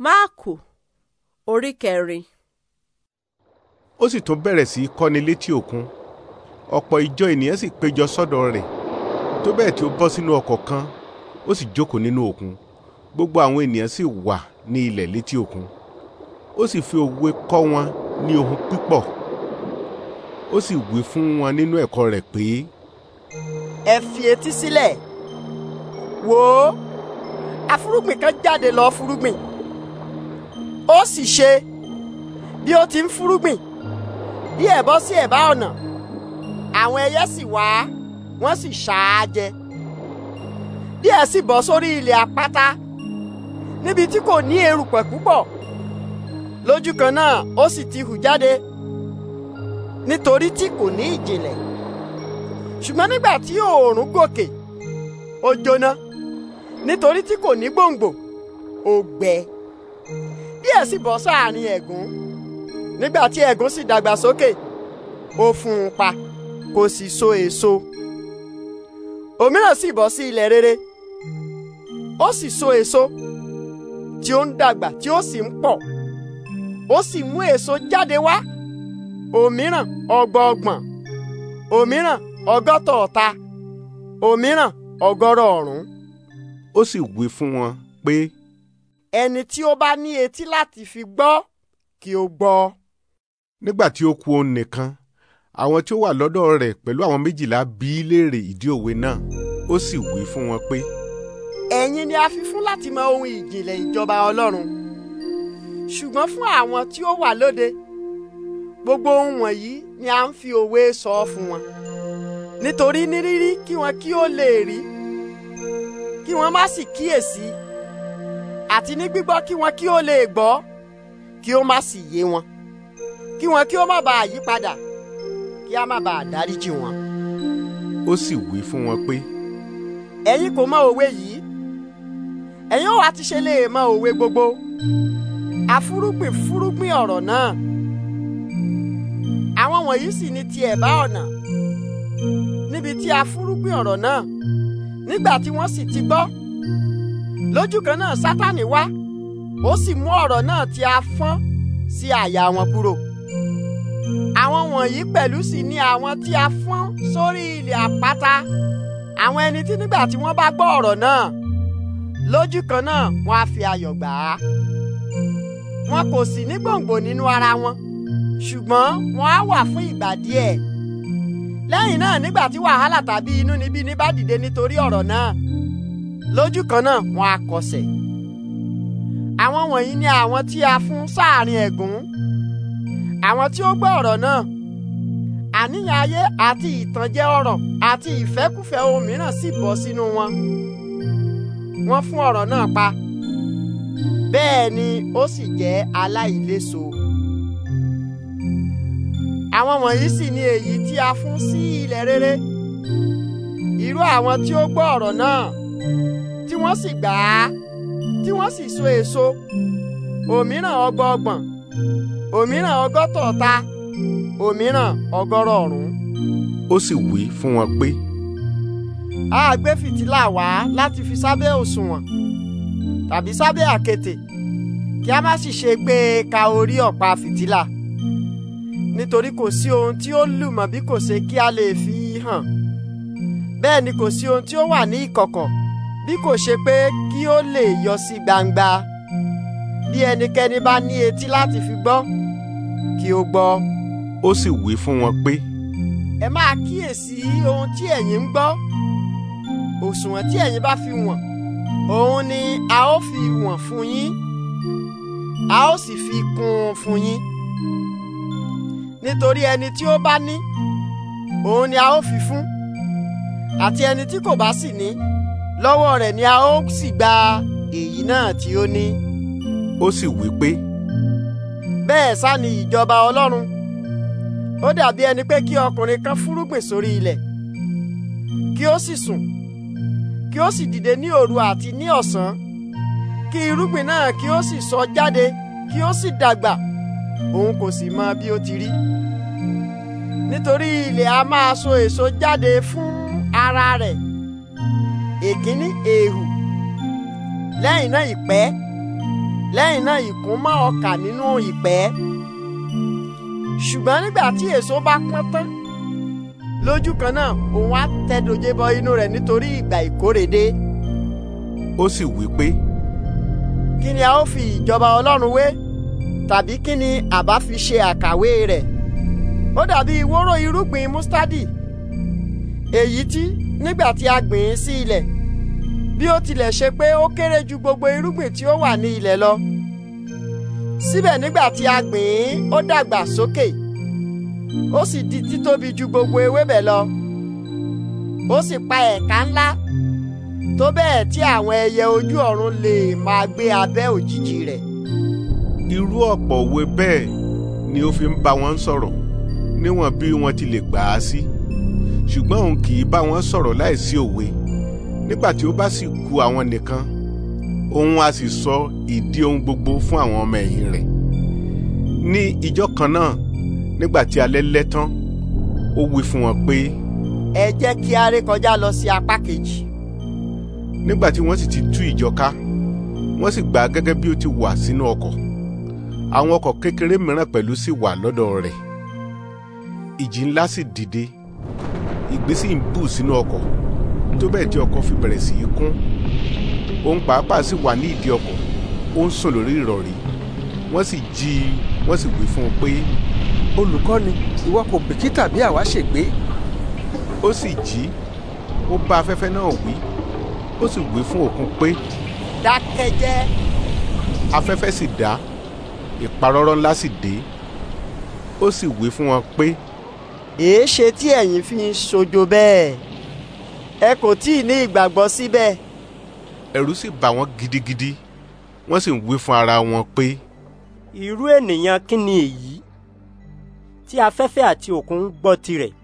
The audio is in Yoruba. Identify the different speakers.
Speaker 1: máàkù orí kẹrin.
Speaker 2: ó sì tún bẹ̀rẹ̀ sí í kọ́ni létí òkun ọ̀pọ̀ ìjọ ènìyàn sì péjọ sọ́dọ̀ rẹ̀ tó bẹ́ẹ̀ tí ó bọ́ sínú ọkọ̀ kan ó sì jókòó nínú òkun gbogbo àwọn ènìyàn sì wà ní ilẹ̀ létí òkun ó sì fi òwe kọ́ wọn ní ohun pípọ̀ ó sì wí fún wọn nínú ẹ̀kọ́ rẹ̀ pé. ẹ fi etí
Speaker 1: sílẹ̀ wò afúrúgbìn kan jáde lọ fúrúgbìn ó sì ṣe bí ó ti ń fúrúgbìn bí ẹ̀ bọ́ sí ẹ̀bá ọ̀nà àwọn ẹyẹ sì wá wọ́n sì ṣà á jẹ bí ẹ̀ sì bọ́ sórí ilẹ̀ àpáta níbi tí kò ní erùpẹ̀ púpọ̀ lójú kan náà ó sì ti hù jáde nítorí tí kò ní ìjìnlẹ̀ ṣùgbọ́n nígbà tí oòrùn gòkè ó jóná nítorí tí kò ní gbòǹgbò ó gbẹ díẹ̀ sì bọ́ sáàrin ẹ̀gún nígbà tí ẹ̀gún sì dàgbà sókè ó fún un pa kò sì so èso òmíràn sì bọ́ sí ilẹ̀ rere ó sì so èso tí ó ń dàgbà tí ó sì ń pọ̀ ó sì mú èso jáde wá òmíràn ọgbọọgbọ̀n òmíràn ọgọ́ta ọ̀ta òmíràn ọgọ́rọ̀ ọ̀rún.
Speaker 2: ó sì wí fún wọn pé
Speaker 1: ẹni tí ó bá ní etí láti fi gbọ́ kí ó gbọ́.
Speaker 2: nígbà tí ó kù òun nìkan àwọn tí ó wà lọ́dọ̀ rẹ̀ pẹ̀lú àwọn méjìlá bi í léèrè ìdí òwe náà ó sì wí fún wọn pé.
Speaker 1: ẹ̀yin ni a fi fún láti mọ ohun ìjìnlẹ̀ ìjọba ọlọ́run ṣùgbọ́n fún àwọn tí ó wà lóde gbogbo ohun wọ̀nyí ni a ń fi òwe sọ fún wọn nítorí nírírí kí wọn kí ó lè rí kí wọn má sì kíyèsí àti ní gbígbọ́ kí wọn kí ó lè gbọ́ kí ó má sì yé wọn kí wọn kí ó má bàa yí padà kí a má bàa dáríjì wọn.
Speaker 2: ó sì wí fún wọn pé.
Speaker 1: ẹ̀yin kò mọ òwe yìí ẹ̀yin ò wá ti ṣe lè mọ òwe gbogbo afúrúgbìn fúrúgbìn ọ̀rọ̀ náà àwọn wọ̀nyí sì ni ti ẹ̀bá ọ̀nà níbi tí afúrúgbìn ọ̀rọ̀ náà nígbà tí wọ́n sì ti gbọ́ lójú kan náà sátánì wá ó sì mú ọ̀rọ̀ náà tí a fọ́n sí àyà wọn kúrò àwọn wọ̀nyí pẹ̀lú sì ni àwọn tí a fọ́n sórí ilẹ̀ àpáta àwọn ẹni tí nígbà tí wọ́n bá gbọ́ ọ̀rọ̀ náà lójú kan náà wọ́n á fi ayọ̀ gbà á wọn kò sì ní gbòǹgbò nínú ara wọn ṣùgbọ́n wọn á wà fún ìgbà díẹ̀ lẹ́yìn náà nígbà tí wàhálà tàbí inúnibíni bá dìde nítorí ọ̀rọ̀ náà lójú kan náà wọn á kọsẹ̀ àwọn wọ̀nyí ni àwọn tí a fún sáàrin ẹ̀gún àwọn tí ó gbọ́ ọ̀rọ̀ náà àníyàn ayé àti ìtànjẹ ọ̀rọ̀ àti ìfẹ́kùfẹ́ ohun mìíràn sì bọ́ sínú wọn wọ́n fún ọ̀rọ̀ náà pa bẹ́ẹ̀ ni ó sì jẹ́ aláìléso. àwọn wọ̀nyí sì ni èyí tí a fún sí ilẹ̀ rere irú àwọn tí ó gbọ́ ọ̀rọ̀ náà wọ́n sì gbà á tí wọ́n sì so èso òmíràn ọgọ́gbọ̀n òmíràn ọgọ́tọ̀ọ̀ta òmíràn ọgọ́rọ̀ ọ̀rún.
Speaker 2: ó sì wí fún wọn pé.
Speaker 1: a gbé fìtílà wá láti fi sábẹ́ òṣùwọ̀n tàbí sábẹ́ àkètè kí a má sì ṣe gbé e ka orí ọ̀pá fìtílà nítorí kò sí ohun tí ó lùmọ̀ bí kò ṣe kí a lè fi hàn bẹ́ẹ̀ ni kò sí ohun tí ó wà ní ìkọ̀kọ̀ bí kò ṣe pé kí ó lè yọ sí gbangba bí ẹnikẹ́ni bá ní etí láti fi gbọ́ kí ó gbọ́.
Speaker 2: ó sì wí fún wọn pé.
Speaker 1: ẹ máa kíyèsí ohun tí ẹ̀yin ń gbọ́ òṣùwọ̀n tí ẹ̀yin bá fi wọ̀n òun ni a ó fi wọ̀n fún yín a ó sì fi kún fún yín nítorí ẹni tí ó bá ní òun ni a ó fi fún àti ẹni tí kò bá sì ní. lọ́wọ́ rẹ̀ ni a ó sì gba èyí náà tí ó ní. ó sì wí pé. bẹ́ẹ̀ sá ni ìjọba ọlọ́run ó dàbí ẹni pé kí ọkùnrin kan fúrúgbìn sórí ilẹ̀ kí ó sì sùn kí ó sì dìde ní òru àti ní ọ̀sán kí irúgbìn náà kí ó sì sọ jáde kí ó sì dàgbà òun kò sì mọ bí ó ti rí nítorí ilẹ̀ a máa so èso jáde fún ara rẹ̀ èkíní èèrù lẹ́yìn náà ìpẹ́ lẹ́yìn náà ìkún mọ́ ọkà nínú ìpẹ́ ṣùgbọ́n nígbà tí èso bá pọ́n tán lójú kan náà òun á tẹ dòjé bọ inú rẹ̀ nítorí ìgbà ìkórè dé. ó sì wí pé. kí ni a ó fi ìjọba ọlọ́run wé tàbí kí ni àbá fi ṣe àkàwé rẹ̀ ó dàbí wóró irúgbìn mustadi èyí tí nígbà tí a gbìn sí ilẹ̀ bí ó tilẹ̀ ṣe pé ó kéré ju gbogbo irúgbìn tí ó wà ní ilẹ̀ lọ síbẹ̀ nígbà tí a gbìn ín ó dàgbà sókè ó sì di títóbi ju gbogbo ewébẹ̀ lọ ó sì pa ẹ̀ka ńlá tó bẹ́ẹ̀ tí àwọn ẹyẹ ojú ọ̀run lè máa gbé abẹ́ òjìji rẹ̀.
Speaker 2: irú ọ̀pọ̀ òwe bẹ́ẹ̀ ni ó fi ń bá wọn sọ̀rọ̀ níwọ̀n bí wọ́n ti lè gbà á sí ṣùgbọ́n òun kì í bá wọn sọ̀rọ̀ láìsí òwe. Si nígbà tí ó bá sì kù àwọn nìkan òun a sì sọ ìdí ohun gbogbo fún àwọn ọmọ ẹ̀yìn rẹ̀ ní ìjọ kan náà nígbà tí alẹ́ lẹ́ tán ó wí fún wọn pé. ẹ jẹ́ kí a ré kọjá lọ sí apá kejì. nígbà tí wọ́n sì ti tú ìjọ wọ́n sì gbà gẹ́gẹ́ bí ó ti wà sínú ọkọ̀ àwọn ọkọ̀ kékeré mìíràn pẹ̀lú sì wà lọ́dọ̀ rẹ̀ ìjì ńlá sì dìde ìgbésí ń bù sínú ọkọ̀ tó bẹ́ẹ̀ tí ọkọ̀ fi bẹ̀rẹ̀ sí í kún òun pàápàá sì wà ní ìdí ọkọ̀ ó ń sùn lórí ìrọ̀rí wọ́n sì jí i wọ́n sì wí fún un pé. olùkọ́ni ìwọ kò bìkítà bí àwa ṣe gbé. ó sì jí ó bá afẹ́fẹ́ náà wí ó sì wí fún òkun pé.
Speaker 1: dákẹ́jẹ́.
Speaker 2: afẹ́fẹ́ sì dá ìparọ́rọ́ ńlá sì dé ó sì wí fún wọn pé. èéṣe tí ẹ̀yin fi ń sojo bẹ́ẹ̀ ẹ kò tí ì ní ìgbàgbọ́ síbẹ̀. ẹ̀rù sì bà wọ́n gidigidi wọ́n sì ń wí fún ara wọn pé. irú ènìyàn kí ni èyí tí afẹ́fẹ́ àti
Speaker 1: òkun ń gbọ́ tirẹ̀